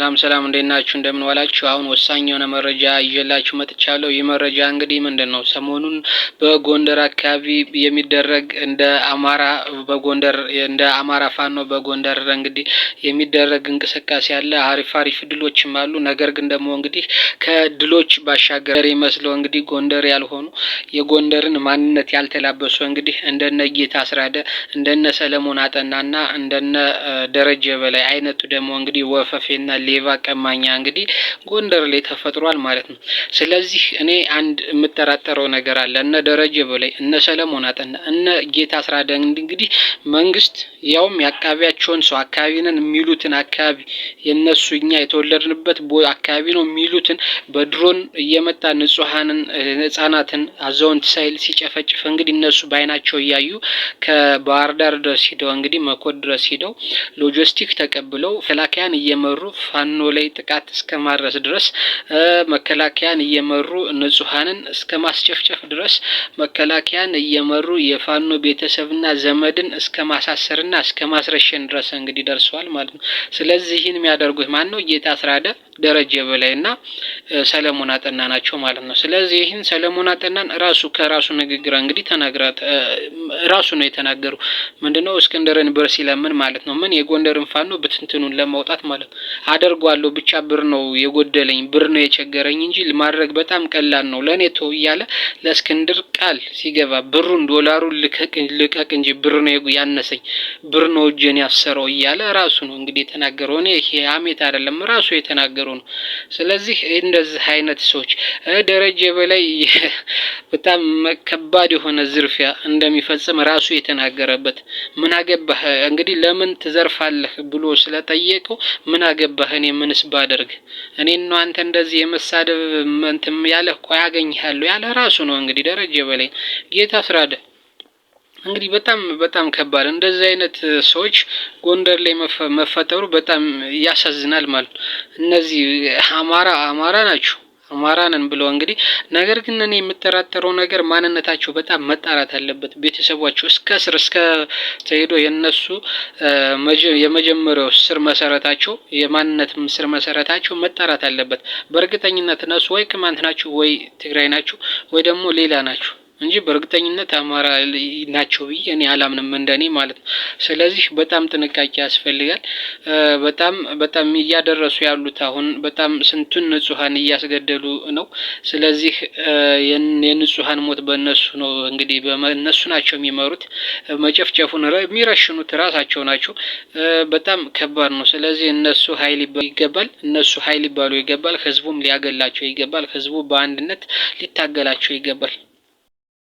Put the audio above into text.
ሰላም ሰላም እንዴት ናችሁ? እንደምን ዋላችሁ? አሁን ወሳኝ የሆነ መረጃ ይዤላችሁ መጥቻለሁ። ይህ መረጃ እንግዲህ ምንድን ነው? ሰሞኑን በጎንደር አካባቢ የሚደረግ እንደ አማራ በጎንደር እንደ አማራ ፋኖ በጎንደር እንግዲህ የሚደረግ እንቅስቃሴ አለ። አሪፍ አሪፍ ድሎችም አሉ። ነገር ግን ደግሞ እንግዲህ ከድሎች ባሻገር ይመስለው እንግዲህ ጎንደር ያልሆኑ የጎንደርን ማንነት ያልተላበሱ እንግዲህ እንደነ ጌታ አስራደ እንደነ ሰለሞን አጠናና እንደነ ደረጀ በላይ አይነቱ ደግሞ እንግዲህ ወፈፌና ሌባ ቀማኛ እንግዲህ ጎንደር ላይ ተፈጥሯል ማለት ነው። ስለዚህ እኔ አንድ የምጠራጠረው ነገር አለ። እነ ደረጀ በላይ፣ እነ ሰለሞን አጠና፣ እነ ጌታ አስራደ እንግዲህ መንግስት ያውም የአካባቢያቸውን ሰው አካባቢንን የሚሉትን አካባቢ የነሱ እኛ የተወለድንበት አካባቢ ነው የሚሉትን በድሮን እየመጣ ንጹሐንን ህጻናትን አዛውንት ሳይል ሲጨፈጭፍ እንግዲህ እነሱ በአይናቸው እያዩ ከባህር ዳር ድረስ ሂደው እንግዲህ መኮድ ድረስ ሂደው ሎጂስቲክ ተቀብለው ፈላካያን እየመሩ ፋኖ ላይ ጥቃት እስከ ማድረስ ድረስ መከላከያን እየመሩ ንጹሐንን እስከ ማስጨፍጨፍ ድረስ መከላከያን እየመሩ የፋኖ ቤተሰብና ዘመድን እስከ ማሳሰርና እስከ ማስረሸን ድረስ እንግዲህ ደርሰዋል ማለት ነው። ስለዚህ ይህን የሚያደርጉት ማን ነው? ጌታ አስራደ፣ ደረጀ በላይና ሰለሞን አጠና ናቸው ማለት ነው። ስለዚህ ይህን ሰለሞን አጠናን ራሱ ከራሱ ንግግር እንግዲህ ተናግራት ራሱ ነው የተናገሩ። ምንድነው እስክንድርን ብር ሲለምን ማለት ነው ምን የጎንደርን ፋኖ ብትንትኑን ለማውጣት ማለት ነው። አደርጓለሁ ብቻ ብር ነው የጎደለኝ ብር ነው የቸገረኝ እንጂ ማድረግ በጣም ቀላል ነው ለእኔ ተው እያለ ለእስክንድር ቃል ሲገባ ብሩን ዶላሩን ልቀቅ እንጂ ብር ነው ያነሰኝ ብር ነው እጄን ያሰረው እያለ ራሱ ነው እንግዲህ የተናገረው። እኔ ይሄ ሀሜት አይደለም ራሱ የተናገረው ነው። ስለዚህ እንደዚህ አይነት ሰዎች ደረጀ በላይ በጣም ከባድ የሆነ ዝርፊያ እንደሚፈጽም ራሱ የተናገረበት ምን አገባህ እንግዲህ ለምን ትዘርፋለህ ብሎ ስለጠየቀው ምን አገባህ አላህ እኔ ምንስ ባደርግ እኔ ነው አንተ እንደዚህ የመሳደብ መንትም ያለህ እኮ ያገኝሃለሁ ያለ ራሱ ነው እንግዲህ ደረጀ በላይ ጌታ ስራደ እንግዲህ በጣም በጣም ከባድ እንደዚህ አይነት ሰዎች ጎንደር ላይ መፈጠሩ በጣም ያሳዝናል ማለት እነዚህ አማራ አማራ ናቸው አማራ ነን እንግዲህ ነገር ግን እኔ የምጠራጠረው ነገር ማንነታቸው በጣም መጣራት አለበት። ቤተሰቧቸው እስከ ስር እስከ ተሄዶ የነሱ የመጀመሪያው ስር መሰረታቸው የማንነት ስር መሰረታቸው መጣራት አለበት። በእርግጠኝነት እነሱ ወይ ቅማንት ናቸው ወይ ትግራይ ናቸው ወይ ደግሞ ሌላ ናቸው። እንጂ በእርግጠኝነት አማራ ናቸው ብዬ እኔ አላምንም፣ እንደኔ ማለት ነው። ስለዚህ በጣም ጥንቃቄ ያስፈልጋል። በጣም በጣም እያደረሱ ያሉት አሁን በጣም ስንቱን ንጹሀን እያስገደሉ ነው። ስለዚህ የንጹሀን ሞት በእነሱ ነው እንግዲህ በእነሱ ናቸው የሚመሩት። መጨፍጨፉን የሚረሽኑት ራሳቸው ናቸው። በጣም ከባድ ነው። ስለዚህ እነሱ ሀይል ይገባል፣ እነሱ ሀይል ሊባሉ ይገባል። ህዝቡም ሊያገላቸው ይገባል። ህዝቡ በአንድነት ሊታገላቸው ይገባል።